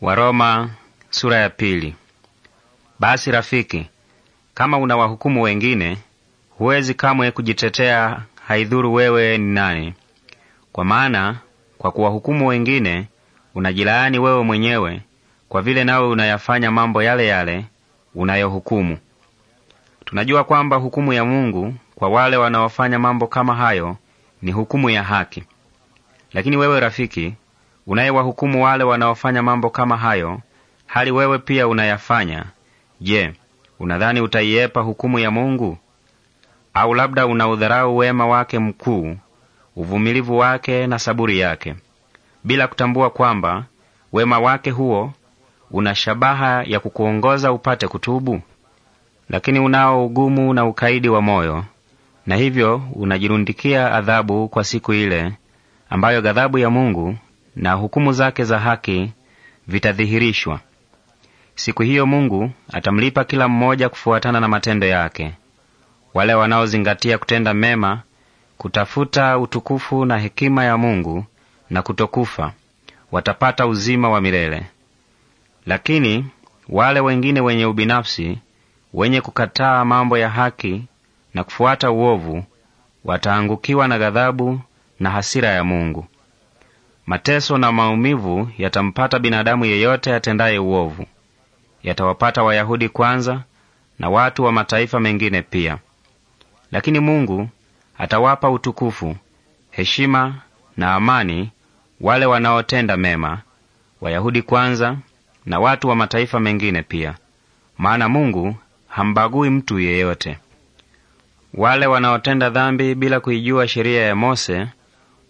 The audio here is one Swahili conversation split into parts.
Waroma sura ya pili. Basi rafiki, kama una wahukumu wengine, huwezi kamwe kujitetea, haidhuru wewe ni nani. Kwa maana kwa kuwahukumu wengine unajilaani wewe mwenyewe, kwa vile nawe unayafanya mambo yale yale unayohukumu. Tunajua kwamba hukumu ya Mungu kwa wale wanaofanya mambo kama hayo ni hukumu ya haki. Lakini wewe rafiki, unayewahukumu wale wanaofanya mambo kama hayo, hali wewe pia unayafanya, je, unadhani utaiepa hukumu ya Mungu? Au labda unaudharau wema wake mkuu, uvumilivu wake na saburi yake, bila kutambua kwamba wema wake huo una shabaha ya kukuongoza upate kutubu? Lakini unao ugumu na ukaidi wa moyo, na hivyo unajirundikia adhabu kwa siku ile ambayo ghadhabu ya Mungu na hukumu zake za haki vitadhihirishwa. Siku hiyo Mungu atamlipa kila mmoja kufuatana na matendo yake. Wale wanaozingatia kutenda mema, kutafuta utukufu na hekima ya Mungu na kutokufa, watapata uzima wa milele. Lakini wale wengine wenye ubinafsi, wenye kukataa mambo ya haki na kufuata uovu, wataangukiwa na ghadhabu na hasira ya Mungu. Mateso na maumivu yatampata binadamu yeyote atendaye uovu. Yatawapata Wayahudi kwanza na watu wa mataifa mengine pia, lakini Mungu atawapa utukufu, heshima na amani wale wanaotenda mema, Wayahudi kwanza na watu wa mataifa mengine pia, maana Mungu hambagui mtu yeyote. Wale wanaotenda dhambi bila kuijua sheria ya Mose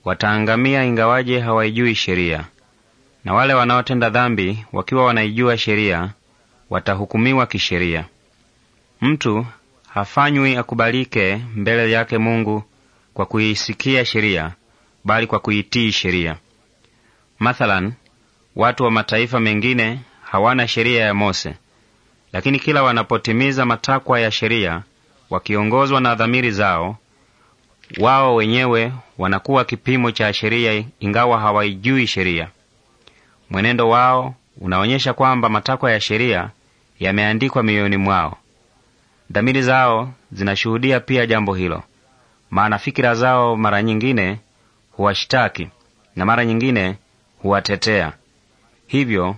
wataangamia ingawaje hawaijui sheria, na wale wanaotenda dhambi wakiwa wanaijua sheria watahukumiwa kisheria. Mtu hafanywi akubalike mbele yake Mungu kwa kuisikia sheria, bali kwa kuitii sheria. Mathalan, watu wa mataifa mengine hawana sheria ya Mose, lakini kila wanapotimiza matakwa ya sheria wakiongozwa na dhamiri zao wao wenyewe wanakuwa kipimo cha sheria, ingawa hawaijui sheria. Mwenendo wao unaonyesha kwamba matakwa ya sheria yameandikwa mioyoni mwao. Dhamiri zao zinashuhudia pia jambo hilo, maana fikira zao mara nyingine huwashitaki na mara nyingine huwatetea. Hivyo,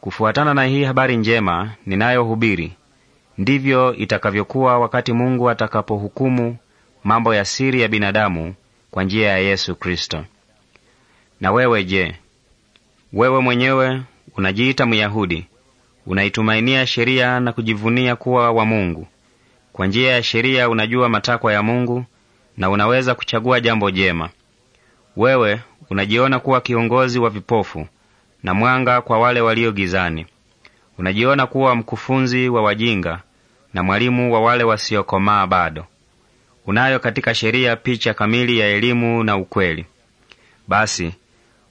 kufuatana na hii habari njema ninayohubiri, ndivyo itakavyokuwa wakati Mungu atakapohukumu mambo ya siri ya binadamu kwa njia ya Yesu Kristo. Na wewe je, wewe mwenyewe unajiita Myahudi, unaitumainia sheria na kujivunia kuwa wa Mungu. Kwa njia ya sheria unajua matakwa ya Mungu na unaweza kuchagua jambo jema. Wewe unajiona kuwa kiongozi wa vipofu na mwanga kwa wale walio gizani. Unajiona kuwa mkufunzi wa wajinga na mwalimu wa wale wasiokomaa bado unayo katika sheria picha kamili ya elimu na ukweli. Basi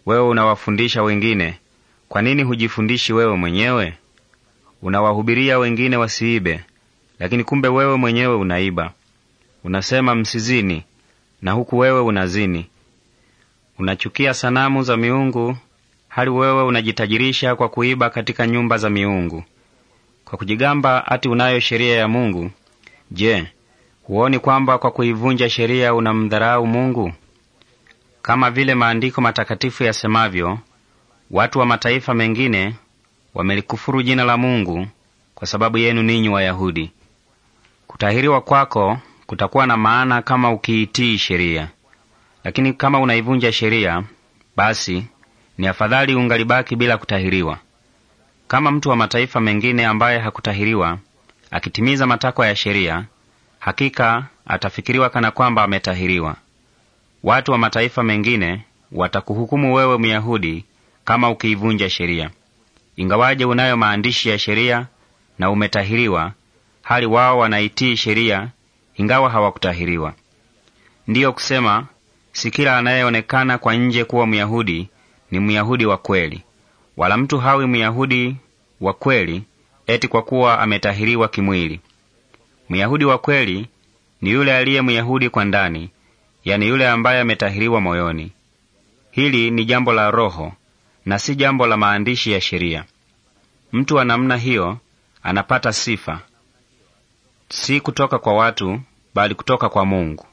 wewe unawafundisha wengine, kwa nini hujifundishi wewe mwenyewe? Unawahubiria wengine wasiibe, lakini kumbe wewe mwenyewe unaiba. Unasema msizini, na huku wewe unazini. Unachukia sanamu za miungu, hali wewe unajitajirisha kwa kuiba katika nyumba za miungu. Kwa kujigamba ati unayo sheria ya Mungu, je, Huoni kwamba kwa kuivunja sheria unamdharau Mungu? Kama vile maandiko matakatifu yasemavyo, watu wa mataifa mengine wamelikufuru jina la Mungu kwa sababu yenu ninyi Wayahudi. Kutahiriwa kwako kutakuwa na maana kama ukiitii sheria, lakini kama unaivunja sheria, basi ni afadhali ungalibaki bila kutahiriwa. Kama mtu wa mataifa mengine ambaye hakutahiriwa akitimiza matakwa ya sheria hakika atafikiriwa kana kwamba ametahiriwa. Watu wa mataifa mengine watakuhukumu wewe Myahudi kama ukiivunja sheria, ingawaje unayo maandishi ya sheria na umetahiriwa, hali wao wanaitii sheria ingawa hawakutahiriwa. Ndiyo kusema si kila anayeonekana kwa nje kuwa Myahudi ni Myahudi wa kweli, wala mtu hawi Myahudi wa kweli eti kwa kuwa ametahiriwa kimwili. Myahudi wa kweli ni yule aliye Myahudi kwa ndani, yani yule ambaye ametahiriwa moyoni. Hili ni jambo la Roho na si jambo la maandishi ya sheria. Mtu wa namna hiyo anapata sifa, si kutoka kwa watu, bali kutoka kwa Mungu.